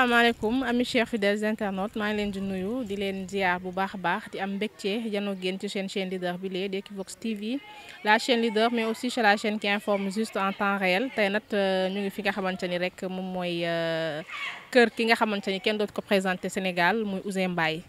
asalaamaaleykum ami chers fidèles internautes maa ngi leen di nuyu di leen ziar bu baax a baax di am mbégte janoo génn ci seen chaîne leader bi lee di Equivox TV la chaîne leader mais aussi c'est la chaîne qui informe juste en temps réel tey nag euh, ñu ngi fi nga xamante ni rek moom mooy euh, kër ki nga xamante ni kenn doot ko présenté Sénégal muy Ouzin Mbaye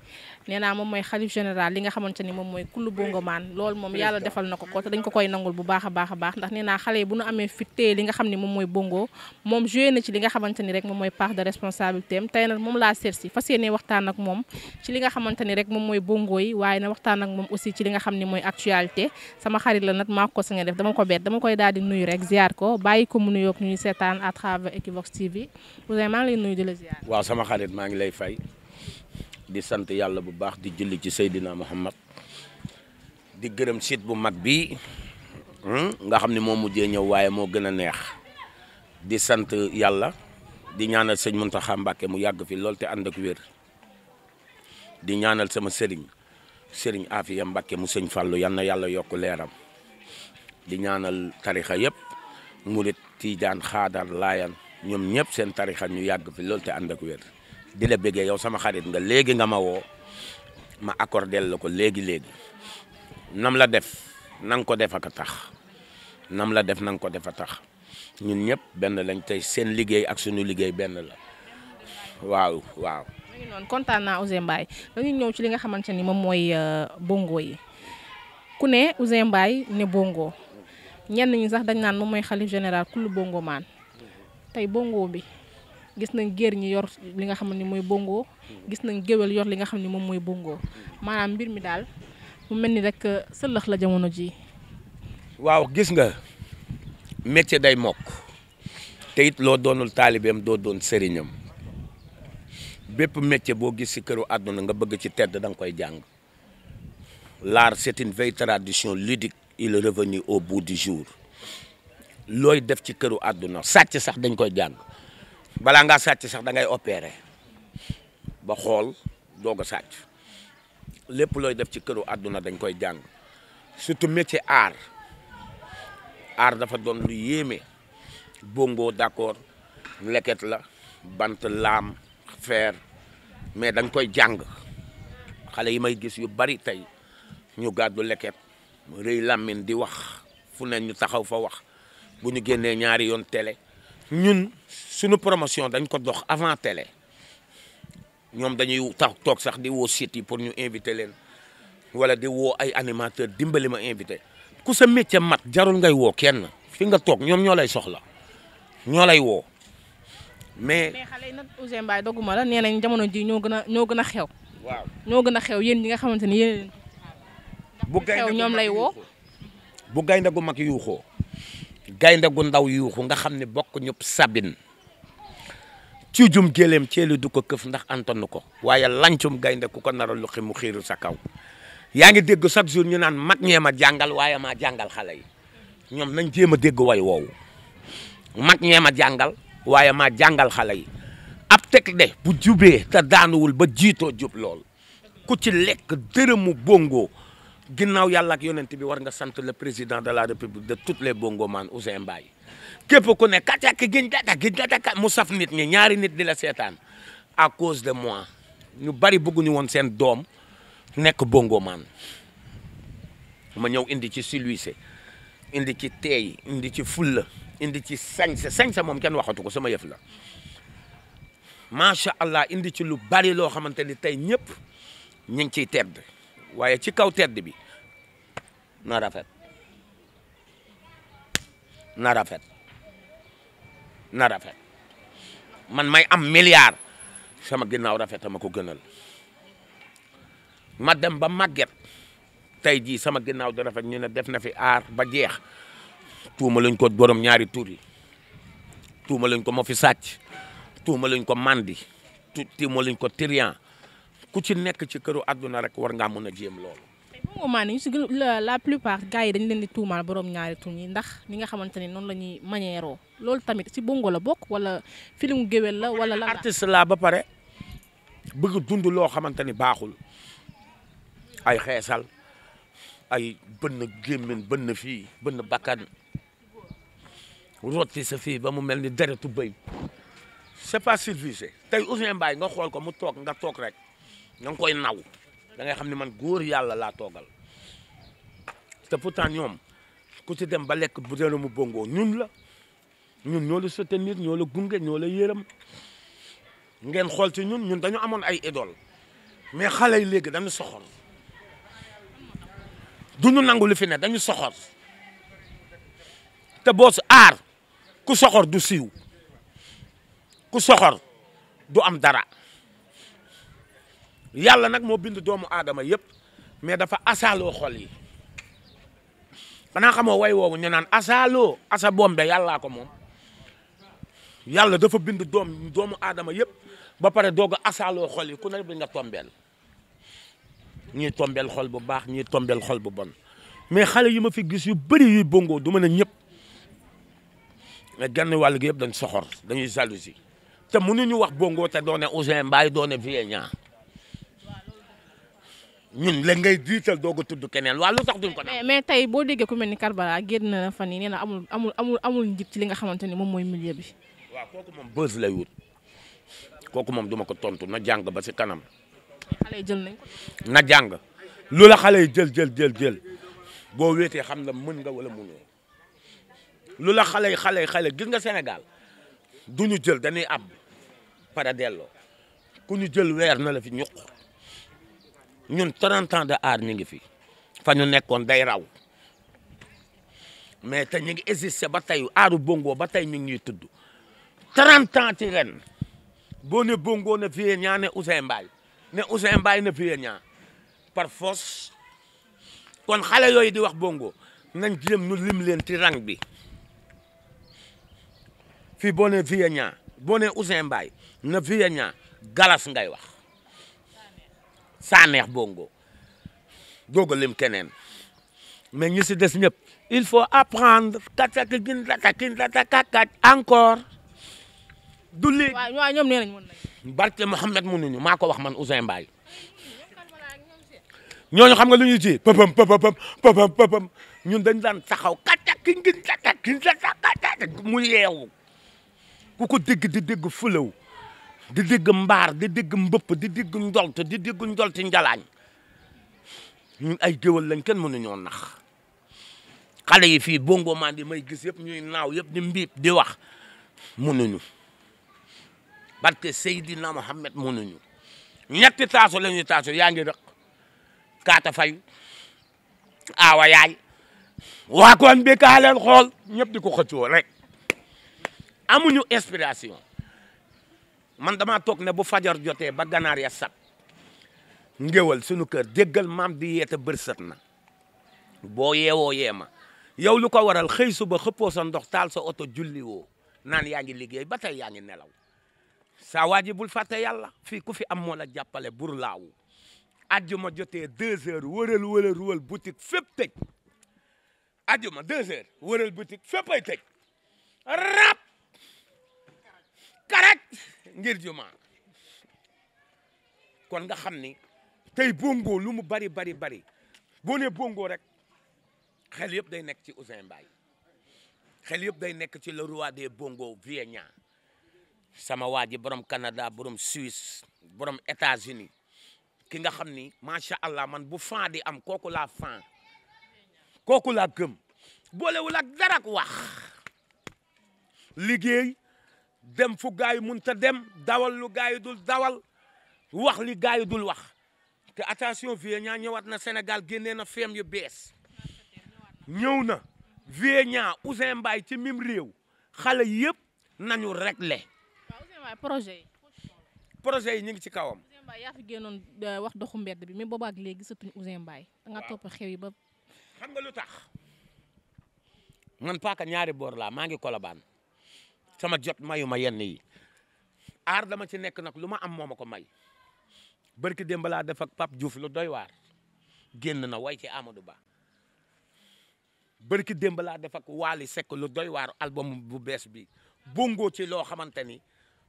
nee naa moom mooy xalif général li nga xamante ni moom mooy kullu bongomaan loolu moom yàlla defal na ko ko te dañ ko koy nangul bu baax a baax a baax ndax nee naa xale yi bu nu amee fit téye li nga xam ne moom mooy bongo moom joué na ci nga xamante ni rek moom mooy part de responsabilité am tey nag moom laa seet si fas yéene waxtaan ak moom ci li nga xamante ni rek moom mooy bongo yi waaye na waxtaan ak moom aussi ci li nga xam ne mooy actualité sama xarit la nag maa ko sa def dama ko bett dama koy daal di nuyu rek ziar ko bàyyi ko mu nuyoog ñuy seetaan à travers Equivox TV Ouzin maa di la ziar waaw sama xarit maa ngi lay fay di sant yàlla bu baax di julli ci Seydina Muhammad di gërëm siit bu mag bi hmm, nga xam ne moo mujjee ñëw waaye moo gën a neex di sant yàlla di ñaanal sëñ Muntaxa Mbàkke mu yàgg fi lool te ànd ak wér di ñaanal sama sëriñ sëriñ Afiya Mbàkke mu sëñ Fàllu yal na yàlla yokk leeram di ñaanal tarixa yëpp murit tiijaan xaadar laayan ñoom ñëpp seen tarixa ñu yàgg fi lool te ànd ak wér di la béggee yow sama xarit nga léegi nga ma woo ma accordel la ko léegi léegi nam la def nang ko def ak a tax nam la def nang ko def a tax ñun ñëpp benn lañ tey seen liggéey ak suñu liggéey benn la waaw waaw. ñu noonu kontaan naa Ouzin Mbaye dañuy ñëw ci li nga xamante ni moom mooy euh, bongo yi ku ne Ouzin mbaay ne bongo ñenn ñi sax dañ naan moom mooy xalif général kullu bongo maan tey bongo bi. gis nañ géer ñi yor li nga xam ni mooy bongo gis nañ géwél yor li nga xam ne moom mooy bongo maanaam mbir mi daal mu mel ni rek euh, sëllëx la jamono ji waaw gis nga métier day mokk te it loo doonul taalibeem doo doon sëriñam bépp métier boo gis ci këru àdduna nga bëgg ci tedd da nga koy jàng l'art cet une vieille tradition ludique il est revenu au bout du jour looy def ci këru àdduna sàcc sax dañ koy jàng balaa ngaa sàcc sax da ngay opérer ba xool doog a sàcc lépp looy def ci këru àdduna dañ koy jàng surtout métier art art dafa doon lu yéeme bongo d'accord leket la bant laam fer mais dañ koy jàng xale yi may gis yu bari tey ñu gàddu leket rëy làmmiñ di wax fu ne ñu taxaw fa wax bu ñu génnee ñaari yoon télé ñun suñu promotion dañ ko dox avant télé ñoom dañuy tax toog sax di woo site yi pour ñu invité leen wala di woo ay animateur dimbali ma invité ku sa métier mat jarul ngay woo kenn fi nga toog ñoom ñoo lay soxla ñoo lay woo mais. mais xale yi nag Ouzin Mbaye dogguma la nee nañ jamono ji ñoo gën a ñoo gën a xew. waaw ñoo gën a xew yéen ñi nga xamante ni yéen. bu gaynde ñoom lay woo. bu gaynde gu mag yuuxoo gaynde gu ndaw yuuxu nga xam ne bokk ñëpp sabin cuujum géléem ceeli du ko këf ndax antanu ko waaye lancum gaynde ku ko nara lu mu xiiru sa kaw yaa ngi dégg chaque jour ñu naan mag ñee ma jàngal waaye maa jàngal xale yi ñoom nañ jéem a dégg way woowu mag ñee ma jàngal waaye maa jàngal xale yi ab teg de bu jubee te daanuwul ba jiitoo jub lool ku ci lekk dërëmu bongo ginnaaw yàlla ak yonent bi war nga sant le président de la république de bongo les bongoman Ouzin Mbaye képp ku ne katak giñ data giñ data mu saf nit ñi ñaari nit di la seetaan à cause de moi ñu bari bëgguñu woon seen doom nekk bongoman ma ñëw indi ci siluise indi ci teey indi ci fulla indi ci sañse sañse moom kenn waxatu ko sama yëf la macha allah indi ci lu bari loo xamante ni tey ñëpp ñu ngi ciy tedd waaye ci kaw tedd bi na rafet na rafet na rafet man may am milliar sama ginnaaw rafet a ma ko gënal ma dem ba màgget tey jii sama ginnaaw da rafet ñu ne def na fi aar ba jeex tuuma lañ ko borom ñaari tur yi tuuma lañ ko mo fi sàcc tuuma lañ ko mandi tuuma lañ ko tiriyan ku ci nekk ci këru àdduna rek war ngaa mën a jéem loolu. bon moment nii ñu si gën la plupart gars yi dañ leen di tuumaal borom ñaari tur yi ndax ni nga xamante ne noonu la ñuy mañeeroo lool tamit si bongo la bokk wala film géwél la wala la. artiste la ba pare bëgg dund loo xamante ni baaxul ay xeesal ay bënn gémmiñ bënn fii bënn bakkan rotti sa fii ba mu mel ni deretu bëy c'est pas civilisé tey Ousmane Mbaye nga xool ko mu toog nga toog rek. nga koy naw da ngay xam ne man góor yàlla laa toogal te pourtant ñoom ku ci dem ba lekk bu dee mu bongo ñun la ñun ñoo la soutenir ñoo la gunge ñoo la yërëm ngeen xool ci ñun ñun dañu amoon ay idole mais xale yi léegi dañu soxor duñu nangu li fi ne dañu soxor te boo aar ku soxor du siiw ku soxor du am dara yàlla nag moo bind doomu aadama yëpp mais dafa asaaloo xol yi xanaa xamoo way woowu ñu naan asaaloo asa bombe yàllaa ko moom yàlla dafa bind doom doomu aadama yëpp ba pare doog a asaaloo yi ku ne bi nga tombeel ñii tombeel xol bu baax ñii tombeel xol bu bon mais xale yi ma fi gis yu bëri bongo du mën a ñëpp mais genn wàll gi yëpp dañ soxor dañuy jalousie te mënuñu wax bongo te doone Ouzin Mbaye doone Vieux Niang ñun léegi ngay jiital doog a tudd keneen waa lu tax duñ ko. mais mais tey boo déggee ku mel ni Karbala génn na fan yi nee amul amul amul amul njit ci li nga xamante ni moom mooy milieu bi. waaw kooku moom buzz lay moom duma ko tontu na jàng ba si kanam. xale yi jël na jàng lu la xale yi jël jël jël jël boo wéetee xam la mën nga wala mënoo lu la xale yi xale yi xale gis nga Sénégal du ñu jël dañuy ab para delloo ku ñu jël weer na la fi ñuq. ñun 30 ans de art ñu ngi fi fa ñu nekkoon day raw mais te ñu ngi existé ba tey aaru bongo ba tey ñu ngi ñuy tudd 30 ans ci ren boo ne bongo na Vieux Niang ne Ouzin Mbaye ne Ouzin Mbaye na Vieux Niang par force kon xale yooyu di wax bongo nañ jéem ñu lim leen ci rang bi fii boo ne Vieux Niang boo ne Ouzin Mbaye na Vieux Niang galas ngay wax sa neex doog a lim keneen mais ñu si des ñëpp il faut apprendre kataki gin tataki tatakakat encore du léegi waaw ñoom nee nañ mën nañ barke Mouhamed mënuñu maa ko wax man Ousseyn Mbaye ñooñu xam nga lu ñuy ci pëpëm pëpëm pëpëm pëpëm ñun dañ daan taxaw kataki gin tataki tatakatat mu yeewu ku ko dégg di dégg fëlaw di dégg mbaar di dégg mbëpp di dégg njolt di dégg njolti njalaañ ñun ay géwal lañ kenn mënuñoo nax xale yi fii bongo man di may gis yëpp ñuy naaw yëpp di mbiib di wax mënuñu parce que Seydina Mohamed mënuñu ñetti taaso la ñuy taaso yaa ngi rëq kaata fay aawa yaay waa kon bi kaa leen xool ñëpp di ko xëccoo rek amuñu inspiration man damaa toog ne bu fajar jotee ba ganaar ya sat ngéwal sunu kër déggal maam di yeete bërsët na boo yeewoo yee ma yow lu ko waral xëy ba xëppoo sa ndox taal sa oto julli woo naan yaa ngi liggéey ba tey yaa ngi nelaw saa waajibul ji bul fàtte yàlla fii ku fi am moo la jàppale bur laawu ajjuma jotee deux heures wëral wëral wëral boutique fépp tëj ajjuma fépp ay tëj karak kon nga xam ni tey bongo lu mu bari bari bari boo nee bongo rek xel yëpp day nekk ci Ouzin Mbaye xel yëpp day nekk ci le roi des bongo vienna sama waa ji borom Canada borom Suisse borom États-Unis ki nga xam ni macha allah man bu fan di am kooku laa fan kooku laa gëm boolewul ak dara ak wax liggéey dem fu gaa yi mënut a dem dawal lu gaa dul dawal wax ni gaa yi dul wax te attention Vieux ñëwaat na Sénégal génnee na feem yu bees ñëw na Vieux Ouzin Mbaye ci mim réew xale yëpp nañu réglé. waaw projet yi. projet yi ñu ngi ci kawam. Ouzin Mbaye yaa fi génnoon euh, wax doxu mbedd bi mais booba ak léegi gisatuñu Ouzin Mbaye. da nga topp xew yi ba. xam nga lu tax man paaka ñaari boor laa maa ngi Colobane sama jot mayu ma yenn yi aar dama ci nekk nag lu ma am moo ma ko may barki dembalaa laa def ak Pape Diouf lu doy waar génn na way ci Amadou Ba barki dembalaa defak def ak Wally Seck lu doy waar bu bees bi bongo ci loo xamante ni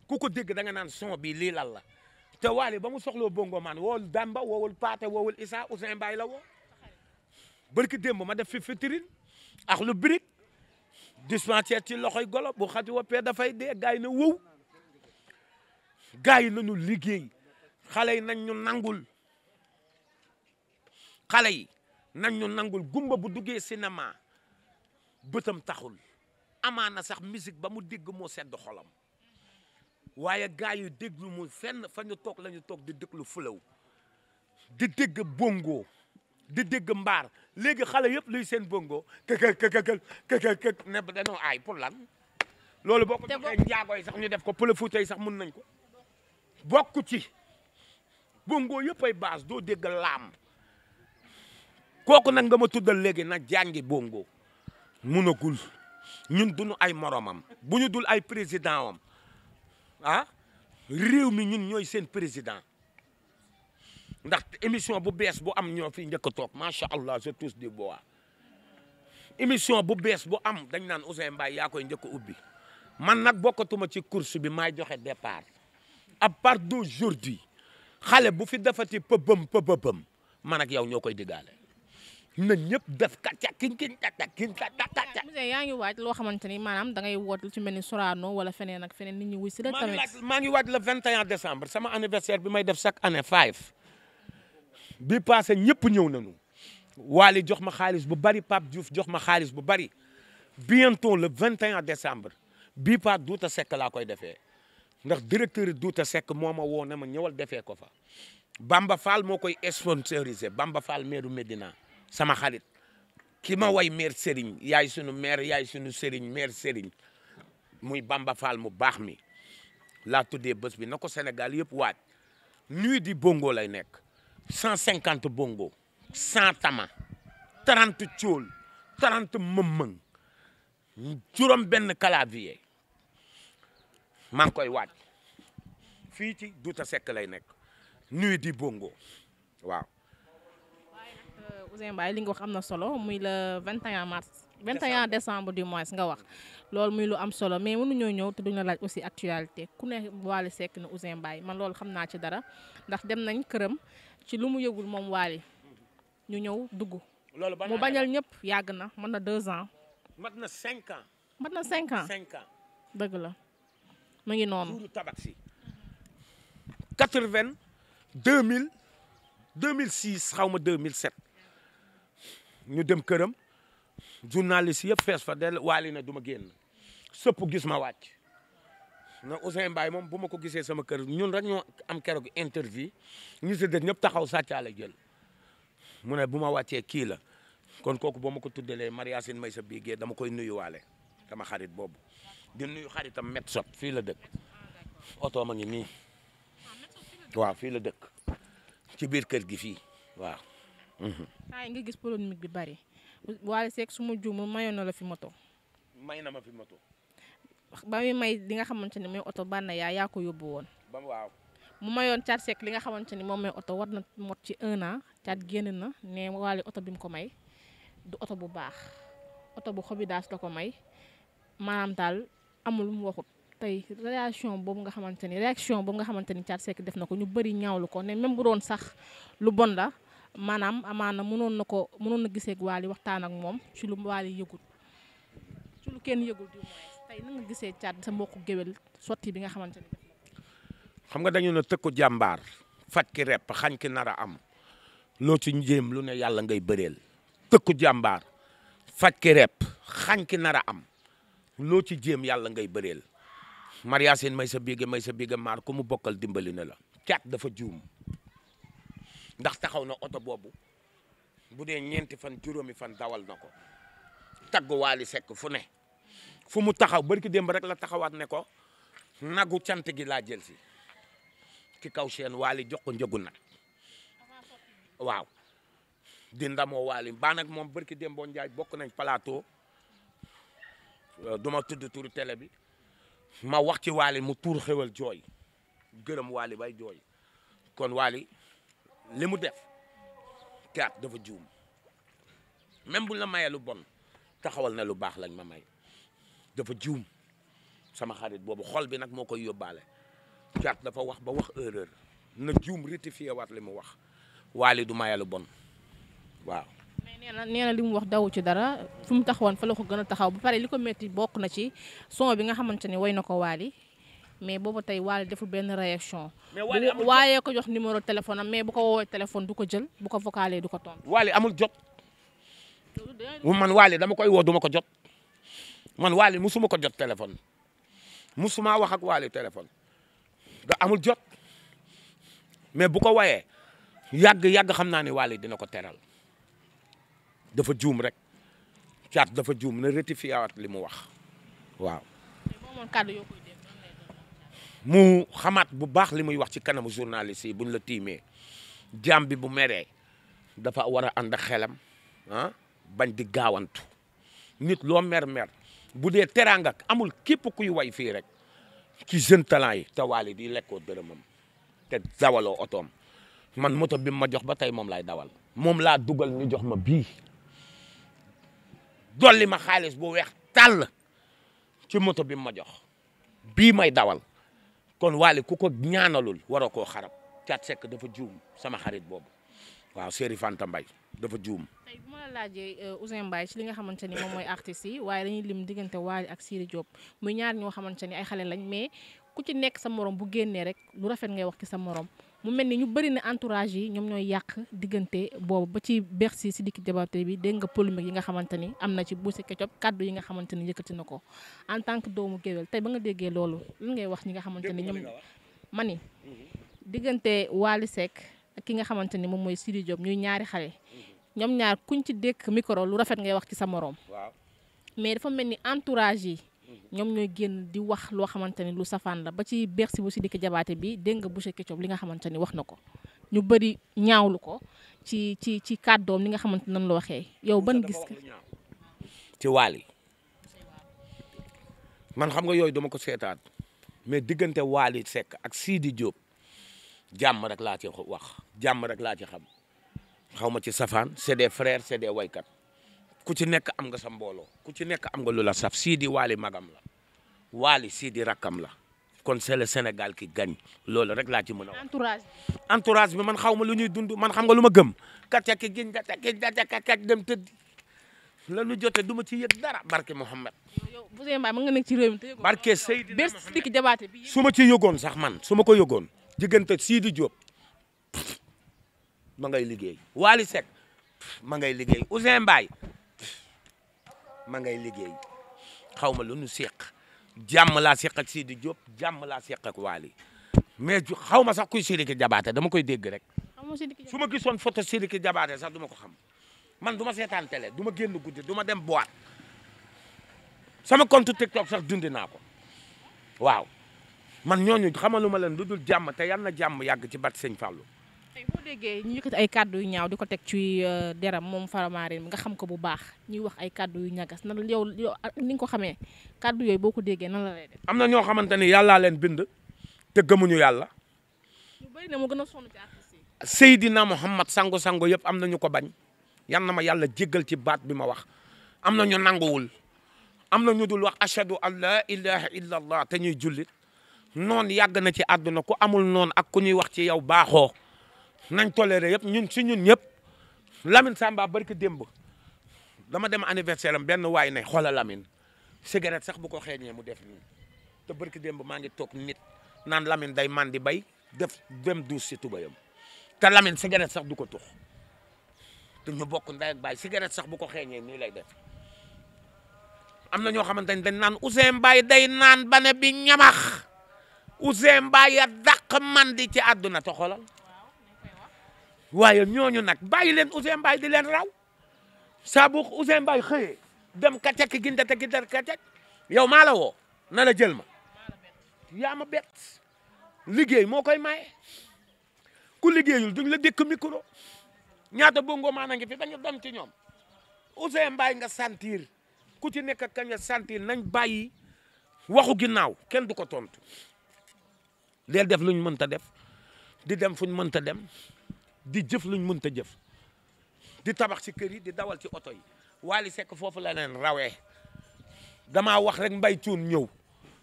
ku ko dégg da naan son bi lii lan la te Wally ba mu soxloo bongo man woowul Damba woowul Paate woowul Issa Ousseyn Mbaye la woo barki démb ma def fi ak lu birik dispensaire ci loxoy golo bu xati woppee dafay dee gars yi na wow gars yi nañu liggéey xale yi nañ ñu nangul xale yi nañ ñu nangul gumba bu duggee cinéma bëtam taxul na sax misik ba mu dégg moo sedd xolam waaye gars yi déglu mu fenn fa ñu toog la ñu toog di déglu fulaw di dégg bongo di dégg mbaar léegi xale yëpp luy seen bongo këkël këkël këkël këkël ne dañoo aay pour lan loolu boo ko joxee njaago yi sax ñu def ko pële fuuta yi sax mën nañ ko bokk ci bongo yëpp ay baas doo dégg laam kooku nag nga ma tuddal léegi nag jàngi bongo munagul ñun duñu ay moromam bu ñu dul ay président am ah réew mi ñun ñooy seen président ndax émission bu bees bu am ñoo fi njëkk a toog macha allah je touche du bois émission bu bees bu am dañ naan Ousseyn Mbaye yaa koy njëkk a ubbi man nag bokkatuma ci course bi maay joxe départ à part d'aujourd'hui xale bu fi defati pëbëm pëbëm man ak yow ñoo koy diggaale na ñëpp def kàcca kiñ kiñ tata kiñ tata tata. monsieur yaa ngi waaj loo xamante ni maanaam da ngay woote lu ci mel ni Sorano la tamit. maa ngi waaj maa ngi waaj le 21 décembre sama anniversaire bi may def chaque année five bi passé ñëpp ñëw nañu waale jox ma xaalis bu bari Pape Diouf jox ma xaalis bu bari bientôt le 21 décembre bii pas duuta sekk laa koy defee ndax directeur yi duuta sekk moo ma woo ne ma ñëwal defee ko fa Bamba Fall moo koy sponsorisé Bamba Fall meeru Medina sama xarit ki ma way maire Serigne yaay sunu maire yaay sunu Serigne maire seriñ muy Bamba Fall mu baax mi laa tuddee bés bi na ko senegal yëpp waat nuit di bongo lay nekk cent cinquante bongo cent tama trente cool trente mëmmëng juróom benn clavier maa ngi koy waaj fii ci Douta Seck lay nekk nuit di bongo waaw euh, Ouzin mbaay li nga wax am na solo muy la 21 mars 21 décembre du mois nga wax loolu muy lu am solo mais mënuñoo ñëw te duñu la laaj aussi actualité ku ne Wally sekk na Ouzin Mbaye man loolu xam naa ci dara ndax dem nañ këram ci lu mu yegul moom Waly ñu ñëw dugg. loolu mu bañal ñëpp yàgg na mën na deux ans. mat na cinq ans. mat na cinq ans cinq dëgg la mu ngi noonu. tuuru tabaski. quatre vingt deux mille deux mille six xaw ma deux mille sept ñu dem këram journaliste yëpp fees fa del Waly na du ma génn sëpp gis ma wàcc. na Ousseyn Mbaye moom bu ma ko gisee sama kër ñun rek ñoo am keroog interview ñu si dëj ñëpp taxaw sàccaa la jël mu ne bu ma wàccee kii la kon kooku boo ma ko tuddalee Mariasine may sa biigee dama koy nuyu nuyuwaale sama xarit boobu di nuyu xaritam met sot fii la dëkk oto ma ngi nii waaw fii la dëkk ci biir kër gi fii waaw. saa mhm. yi nga gis polémique bi bari Wally Seck su ma juumul mayoon na la fi moto. may na ma fi moto. ba muy may li nga xamante ni mooy oto bànn yaa yaa ko yóbbu woon. waaw mu mayoon Thiat Seck li nga xamante ni moom mooy oto war na moot ci un an Thiat génn na ne waale oto bi mu ko may du oto bu baax oto bu xobidaas la ko may maanaam daal amul mu waxut. tey réaction boobu nga xamante ni réaction boobu nga xamante ni Thiat def na ko ñu bëri ñaawlu ko ne même bu doon sax lu bon la maanaam amaana mënoon na ko mënoon na giseek ak waxtaan ak moom ci lu Wally yëgul ci lu kenn yëgul tey nan gisee caat sa mbokku géwél sotti bi nga xamante ne. xam nga dañu ne tëkku jàmbaar faj ki rep xañ ki nar a am loo ci njéem lu ne yàlla ngay bëreel tëkku jàmbaar faj ki nar a am loo ci jéem yàlla ngay bëreel. Mariasine may sa biige may sa biige maar ku mu bokkal dimbali na la caat dafa juum ndax taxaw na oto boobu bu dee ñeenti fan juróomi fan dawal na ko tagg Waly fu ne fu mu taxaw barki démb rek la taxawaat ne ko nagu cant gi laa jël si ci kaw seen waali jox ko njëgu nag waaw di ndamoo waali baa nag moom barki démb boo bokk nañ plateau euh, duma tudd turu tele bi ma wax ci waali mu tuur xewal jooy gërëm waali bay jooy kon waali li mu def teat dafa juum même bu la mayee lu bon taxawal na lu baax lañ ma may dafa juum sama xarit boobu xol bi nag moo koy yóbbaale caat dafa wax ba wax erreur na juum rectifié waat li mu wax waali du mayalu bon waaw nee na nee li mu wax daw ci dara fu taxawoon fa ko gën a taxaw ba pare li ko métti bokk na ci son bi nga xamante ne way na ko waali mais boobu tey waale deful benn réaction. mais waaye ko jox numéro téléphone mais bu ko woowee téléphone du ko jël bu ko vocalee du ko tontu. waale amul jot. man waale dama koy woo duma ko jot. man Waly musuma ko jot téléphone musuma wax ak Waly téléphone da amul jot mais bu ko wayee yàgg yàgg xam naa ne Waly dina ko teral dafa juum rek caat dafa juum na rectifié waat li mu wax waaw. mu xamaat bu baax li muy wax ci kanamu journaliste bu buñ la tiimee jàmm bi bu meree dafa war a ànd ak xelam ah bañ di gaawantu nit loo mer mer. bu dee teraanga amul képp kuy way fii rek ci jeune talent yi te Wally di lekkoo dërëmam te dawaloo otoom man moto bi ma jox ba tey moom laay dawal moom laa dugal ñu jox ma bii dolli ma xaalis bu weex tàll ci moto bi ma jox bii may dawal kon Wally ku ko ñaanalul waroo koo xarab cat sekk dafa juum sama xarit boobu waaw Serigne Fanta Mbaye dafa juum. tey bu ma la laajee euh, Ouzin Mbaye ci li nga xamante ni moom mooy artistes yi waaye dañuy lim diggante Wally ak Sidy Diop muy ñaar ñoo xamante ni ay xale lañ mais ku ci nekk sa moroom bu génnee rek lu rafet ngay wax ci sa morom mu mel ni ñu bëri na entourage yi ñoom ñooy yàq diggante boobu ba ci Bercy si dikk débatté bi dégg nga polémique yi nga xamante ni am na ci bu Boucher Ketchup kàddu yi nga xamante ni yëkkati na ko en tant que doomu géwél tey ba nga déggee loolu ngay wax ñi xamante ni ñoom ma ni mhm. diggante Wally Seck ki nga xamante ni moom mooy Sidi Diop ñuy ñaari xale ñoom ñaar kuñ ci dékk micro lu rafet ngay wax ci sa moroom mais dafa mel ni entourage yi ñoom ñooy génn di wax loo xamante ni lu safaan la ba ci bersi bu si dikk jabaate bi dégg nga Boucher Ketchup li nga xamante ni wax na ko ñu bëri lu ko ci ci ci kàddoom li nga xamante nan la waxee yow ban gis ka ci Wally man xam nga yooyu dama ko seetaat mais diggante Wally Seck ak Sidi Diop jàmm rek laa ci wax jàmm rek laa ci xam xaw ma ci safaan c'est des frères c'est des ku ci nekk am nga sa mbooloo ku ci nekk am nga lu la saf siidi Waly magam la Waly Sidi rakkam la kon c'est senegal Sénégal qui gagne loolu rek laa ci ma a wax. entourage bi man xaw ma lu ñuy dund man xam nga lu ma gëm. kàcce ki giñ kàcce ki kàcce dem tëdd la nu jotee du ma ci yëg dara barke Mouhamed. yow Ouzin Mbaye mën nga nekk ci réew mi te yëgul barke Seydina Mouhamed su ma ci yëgoon sax man su ma ko yëgoon. diggante Sidi Diop ma ngay liggéey Waly Seck ma ngay liggéey Ousseyn Mbaye ma ngay liggéey xaw ma lu nu seq jàmm laa seq ak Sidi Diop jàmm laa seq ak Waly mais xaw ma sax kuy Sidiki jabaate dama koy dégg rek. su ma gisoon photo Sidiki Diabaté sax du ma ko xam man du ma seetaan télé du ma génn guddi du ma dem boîte sama compte TikTok sax dundi naa ko waaw. man ñooñu xamaluma leen lu dul jàmm te yal jàmm yàgg ci bat sëñ Fallou. tey ñu ay kàddu yu ñaaw di ko teg ci euh, deram moom Faramareen nga xam ko bu baax ñuy wax ay kàddu yu ñagas nan yow ni nga ko xamee kàddu yooyu boo ko déggee nan am na ñoo xamante ni yàllaa leen bind te gëmuñu yàlla. ñu na mu gën a sonn ci artiste yi. Seydina Mouhamad yëpp am na ko bañ yan na ma yàlla jéggal ci baat bi ma wax am na ñu nanguwul am na ñu dul wax ashadu an laa ilaha illa te ñuy jullit noon yàgg na ci àdduna ku amul noon ak ku ñuy wax ci yow baaxoo nañ toléré yëpp ñun si ñun ñëpp Lamine Samba barki demb dama dem anniversaire benn waay ne xoola Lamine cigarette sax bu ko xeeñee mu def nii te barki demb maa ngi toog nit naan Lamine day man di bay def dem duus si tubayam te Lamine cigarette sax du ko tux te ñu bokk ndey ak baay cigarette sax bu ko xeeñee nii lay def am na ñoo xamante ne dañ naan Ousseyn Mbaye day naan bane bi ñamax Ousseyn Ba ya dàq man di ci àdduna te waaye ñooñu nag bàyyi leen Ousseyn Ba di leen raw saa bu Ousseyn Ba xëyee dem kacek ginda te kacek yow maa la woo na la jël ma yaa ma bett liggéey moo koy maye ku liggéeyul duñ la dëkk micro ñaata bongo maana ngi fi dañu dem ci ñoom Ousseyn Mbaye nga sentir ku ci nekk ak kañ sentir nañ bàyyi waxu ginnaaw kenn du ko tontu. deel def luñ mënta def di dem fuñ mënta dem di jëf luñ mënta jëf di tabax ci kër yi di dawal ci oto yi Wally Seck foofu la leen rawee dama wax rek mbay cuun ñëw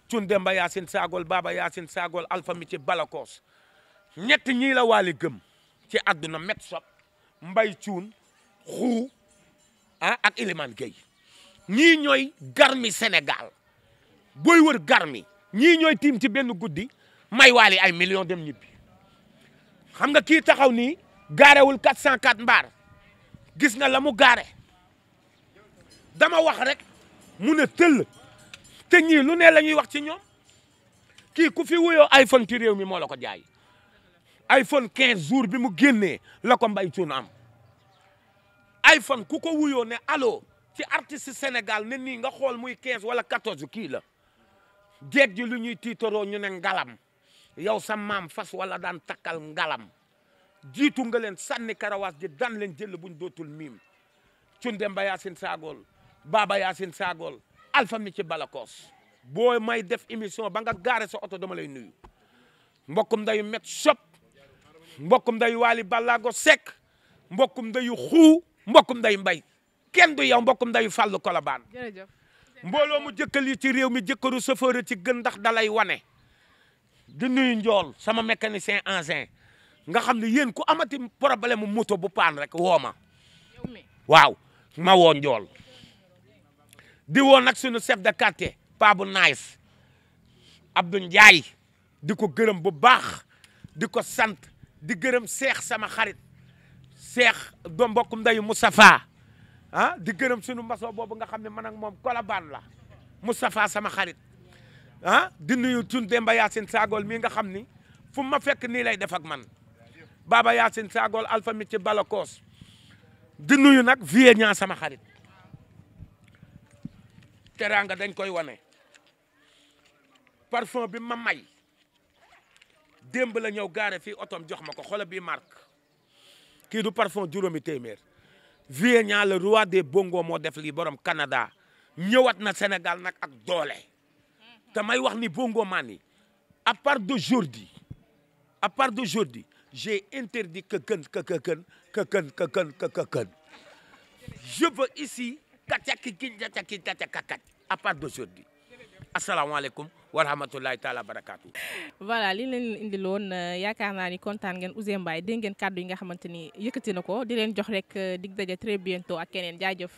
cuun Demba Yacine Sagol Baba Yacine Sagol Alpha mi ci Balakos ñett ñii la Wally gëm ci àdduna met sop mbay cuun xuu ah ak Iliman Gueye ñii ñooy garmi senegal booy wër garmi ñii ñooy tiim ci benn guddi may waali ay millions dem ñibbi xam nga kii taxaw nii gaarewul 404 mbaar gis nga la mu gaare dama wax rek mu ne tël te ñii lu ne la ñuy wax ci ñoom kii ku fi wuyoo iPhone ci réew mi moo la ko jaay iPhone quinze jours bi mu génnee la ko mbay cuun am iPhone ku ko wuyoo ne allo ci artiste senegal ne nii nga xool muy 15 wala 14 kii la jeeg ji lu ñuy tiitaroo ñu ne ngalam yow sa maam fas wala daan takkal ngalam jiitu nga leen sànni karawaas ji daan leen jël buñ dootul miim Cundemba Yacine Sagol Baba Yacine Sagol Alpha mi ci Balakos boo may def émission ba nga gaare sa oto dama lay nuyu mbokkum dayu met shop mbokkum dayu Waly Ballago Seck mbokkum dayu xuu mbokkum dayu mbay kenn du yow mbokkum dayu fàllu Kolobaan mbooloo mu jëkkal yi ci réew mi jëkkaru chauffeur ci gën ndax dalay wane di nuyu njool sama mécanicien ancien nga xam ne yéen ku amati problème mu moto bu paan rek woo ma waaw ma woo njool di woo nag sunu chef de quartier pa bu nice Abdou di ko gërëm bu baax di ko sant di gërëm seex sama xarit seex do mbokkum ndayu Moustapha ah di gërëm sunu mbasoo boobu nga xam ne man ak moom kolabaan la Moustapha sama xarit ah di nuyu Thioune Demba Yacine Sagol mii nga xam ni fu ma fekk nii lay defak man Baba Yacine Sagol Alpha mi ci Balakoos di nuyu nag vie ñaa sama xarit teraanga dañ koy wane parfum bi ma may démb la ñëw gaare fii otom jox ma ko xoolal bi mark kii du parfum juróomi téeméer vie ñaa le roi des bongo moo def lii borom kanada ñëwat na senegal nag ak doole te may wax ni Bongo Mane à part d'aujourd'hui à part d'aujourd'hui j'ai interdit que gën que que gën que gën que gën que gën je veux ici kataki kin kataki katakakat à part d'aujourd'hui asalaamaaleykum wa rahmatulahi taala barakaatu. voilà li leen indiloon euh, yaakaar naa ni kontaan ngeen Ouzin Mbaye dégg ngeen kàddu yi nga xamante ni yëkkati na ko di leen jox rek euh, dig daje très bientôt ak keneen jaajëf.